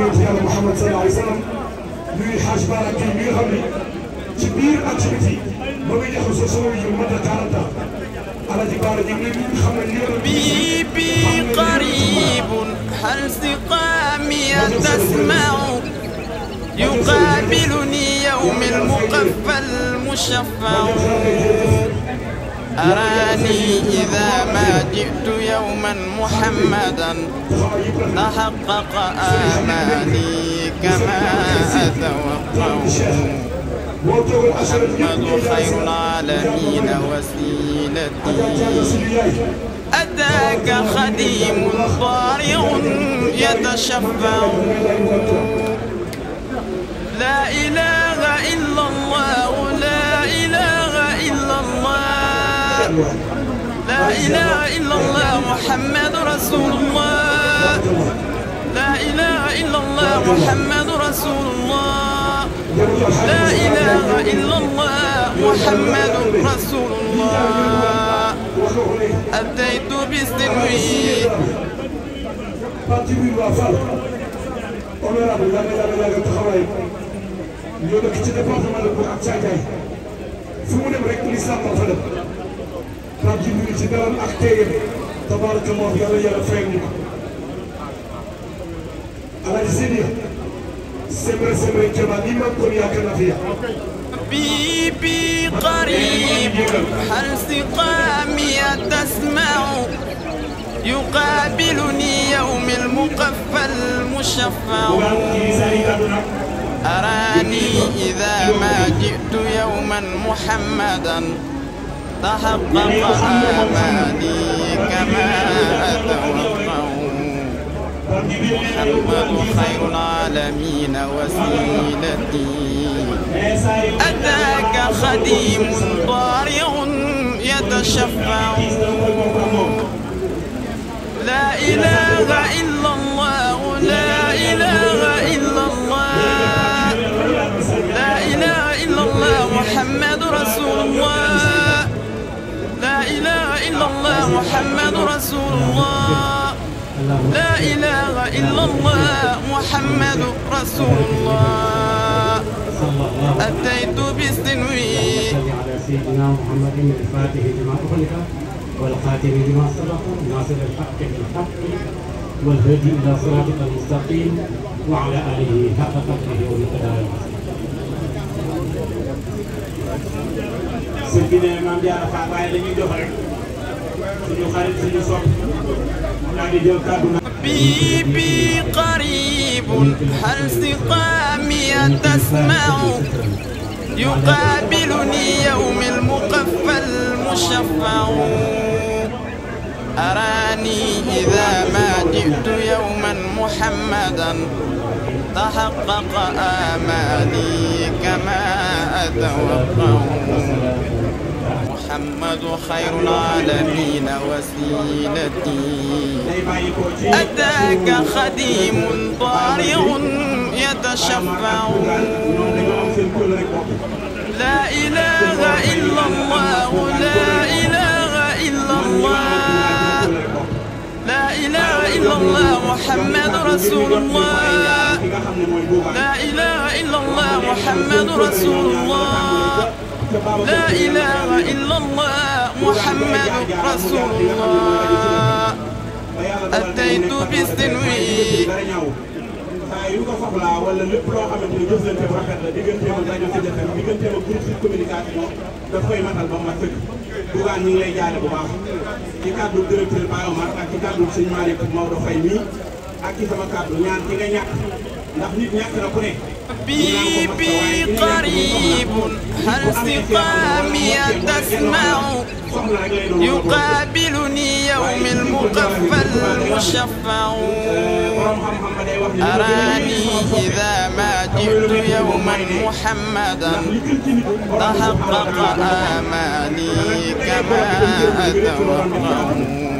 yonent yàlla Muhammad sallallahu alayhi wa sallam ñuy xaaj baaraam tey mi nga xam ne ci biir activité ba muy joxe sa solo yu mat a 40 ans alaji baara ji ñu xam ne li bi bi qarib hal siqami tasma'u يقابلني يوم المقفى المشفع أراني إذا ما جئت يوما محمدا تحقق آماني كما أتوقع محمد خير العالمين وسيلتي أتاك خديم ضارع يتشفع لا إله لا إله إلا الله محمد رسول الله لا إله إلا الله محمد رسول الله لا إله إلا الله محمد رسول الله أتيت بسلمي honorable laa nga laa nga taxawaay ñoo dëkk ci département de Mbour ak Thiadiaye fu mu dem rek lislaam moo fa dem rab ji ñu ci dalam ak téyam tabaraka moom yàlla yàlla fay ñu ko alaaji Seydi semre semre jamaa li maam kon yaakaar na fi ya حبيبي قريب هل سقامي تسمع يقابلني يوم المقفى المشفع أراني إذا ما جئت يوما محمدا تحقق أماني كما توقعوا محمد خير العالمين وسيلتي أتاك خديم ضارع يتشفع لا إله إلا محمد رسول الله لا إله إلا الله محمد رسول الله أتيت بالسنوي على سيدنا محمد الفاتح لما أغلق والخاتم لما سبق ناصر الحق بالحق والهدي إلى صراطك المستقيم وعلى آله حق قدره ومقداره Sëñ bi ne maam Diarra Fapal la ñuy jox rek suñu xarit suñu sopp daa di jël kàddu na حبيبي قريب هل سقامي تسمع يقابلني يوم المقفى المشفع أراني إذا ما جئت يوما محمدا تحقق آمالي كما أتوقع محمد خير العالمين وسيلتي أتاك خديم طارئ يتشفع لا إله إلا الله لا إله إلا الله لا إله إلا الله محمد رسول الله لا إله إلا الله محمد رسول الله لا إله إلا الله محمد رسول الله أتيت بالسنوي saa yu ko soxlaa wala lépp loo xamante ni jëflante bu rafet la digganteem ak rajo Sud FM digganteem ak groupe Sud communication koy matal ba mu mat sëkk. Bougane ñu ngi lay jaale bu baax ci kàddu directeur Baye ak ci kàddu sëñ Malick Maodo Faye mii ak ci sama kàddu ñaan ki nga ñàkk ndax nit ñàkk na ku ne. ربي بي قريب هل سقامي تسمع يقابلني يوم المقفى المشفع أراني إذا ما جئت يوما محمدا تحقق آماني كما أتوقع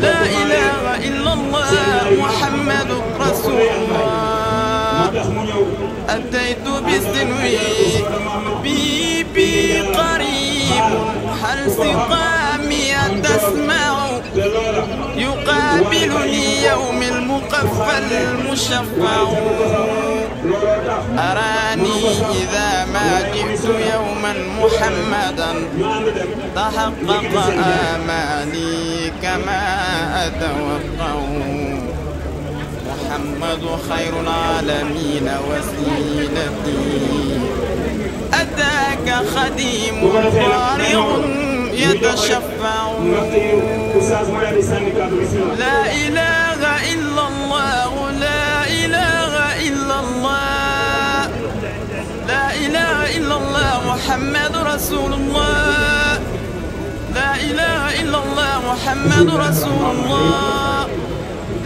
لا إله إلا الله محمد رسول الله أتيت بالسنوي بيبي قريب هل سقامي تسمع يقابلني يوم المقفى المشفع أرى أني إذا ما جئت يوما محمدا تحقق آماني كما أتوقع محمد خير العالمين وسيلتي أتاك خديم فارغ يتشفع لا إله إلا محمد رسول الله لا إله إلا الله محمد رسول الله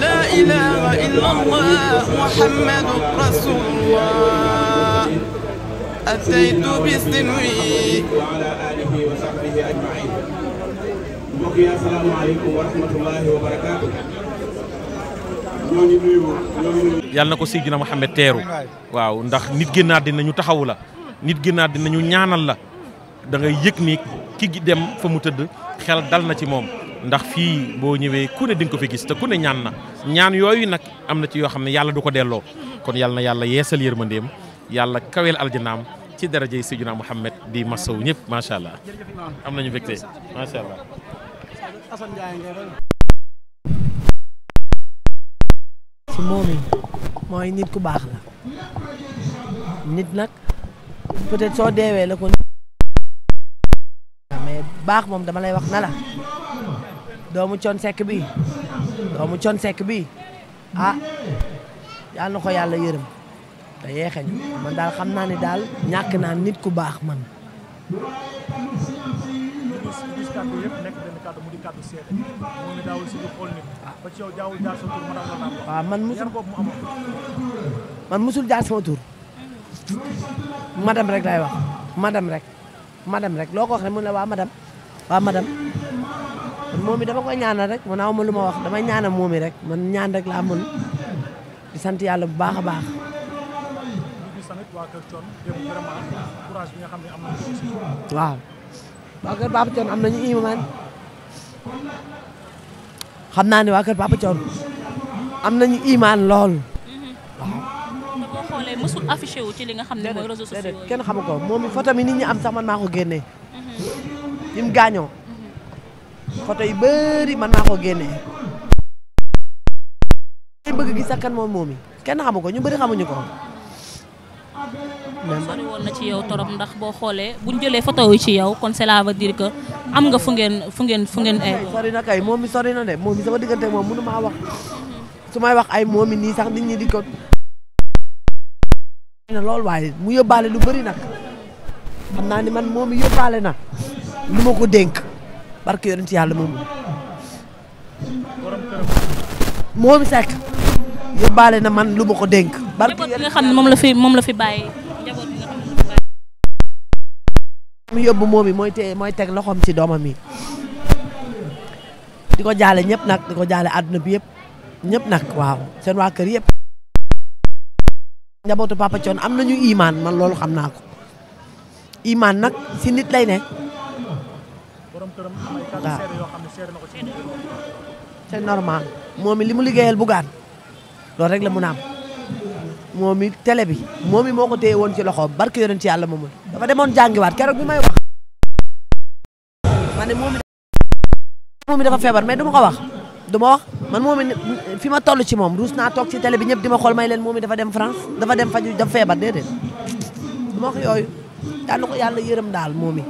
لا إله إلا الله محمد رسول الله أتيت بسنوي وعلى آله وصحبه أجمعين mbokk yi asalaamaaleykum wa rahmatullaahi wa barakaatu ñoo ngi nuyu ñoo ngi nuyu yàlla na ko Seydina Mouhamed teeru waaw ndax nit génnaat dina ñu taxawu la nit génnaat dinañu ñaanal la da ngay yëg ni ki dem fa mu tëdd xel dal na ci moom ndax fii boo ñëwee ku ne di ko fi gis te ku ne ñaan na ñaan yooyu nag am na ci yoo xam ne yàlla du ko delloo kon yàlla yàlla yeesal yërmandeem yàlla kaweel aljanaam ci darajey Seydina Muhammad di masaw ñëpp macha allah am na ñu macha allah ci mooy nit ku baax la peut-être soo deewee la ko mais baax moom dama lay wax nala doomu con sekk bi doomu con sekk bi ah yal na ko yàlla yërëm te yeexeñ man daal xam naa ne daal ñàkk naa nit ku baax man waaw ah. ah, man musul man musul jaar sama tur madame rek lay wax madame rek madame rek loo ko wax rek mu ne waa madame waa madam kon moom it dama ko ñaanal rek man aw ma lu ma wax damay ñaanal moom rek man ñaan rek laa mën di sant yàlla bu baax a baax. waaw. waa kër Papa Thione am nañu iman xam naa ne waa kër Papa Thione am nañu iman lool. xoolee wu ci li nga xam ne mooy réseaux kenn xamu ko moom mi mi nit ñi am sax maa ko génnee bi mu man maa ko génnee dañ mhm. mhm. bëgg gis sax kan moom moom mi kenn xamu ko ñu bari xamuñu ko mhm. sori woon na ci yow torop ndax boo xoolee buñ jëlee photo yi ci yow kon cela veut diir que am nga fu ngeen fu ngeen fu ngeen ay sori na kay moom mi sori na de moom mi sama diggante moom mënu maa wax su may wax ay moom mi nii sax nit ñi di ko loolu lool waaye mu yóbbaale lu bari nag xam naa ni man moom yóbbaale na lu ma ko dénk barke ci yàlla moom moom sekk yóbbaale na man lu ma moom la fi moom la fi bàyyi mu yóbbu moom yi mooy teg loxoom ci doomam yi di ko jaale ñëpp nag di ko jaale àdduna bi yëpp ñëpp nag waaw seen waa kër yépp njabootu Papa Thione am ñu imaan man loolu xam naa imaan nag si nit lay ne waaw c'est normal moom it li mu liggéeyal bugaan loolu rek la mun a am moom it télé bi moom it moo ko téye woon ci loxoom barke yonent ci yàlla moomul dafa demoon jàngiwaat keroog bi may wax dafa feebar mais du ma wax du wax man moom fi ma toll ci moom ruus naa toog ci télé bi ñëpp di ma xool may leen moom dafa dem France dafa dem faju dafa feebar déedéet du ma wax yooyu yal na ko yàlla yërëm daal moom it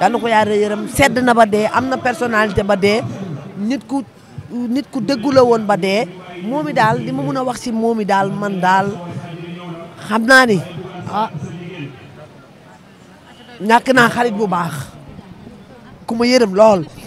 yal ko yàlla yërëm sedd na ba dee am na personnalité ba dee nit ku nit ku dëggu la woon ba dee moom it daal li ma mën a wax si moom it daal man daal xam naa ni ah ñàkk naa xarit bu baax ku ma yërëm lool.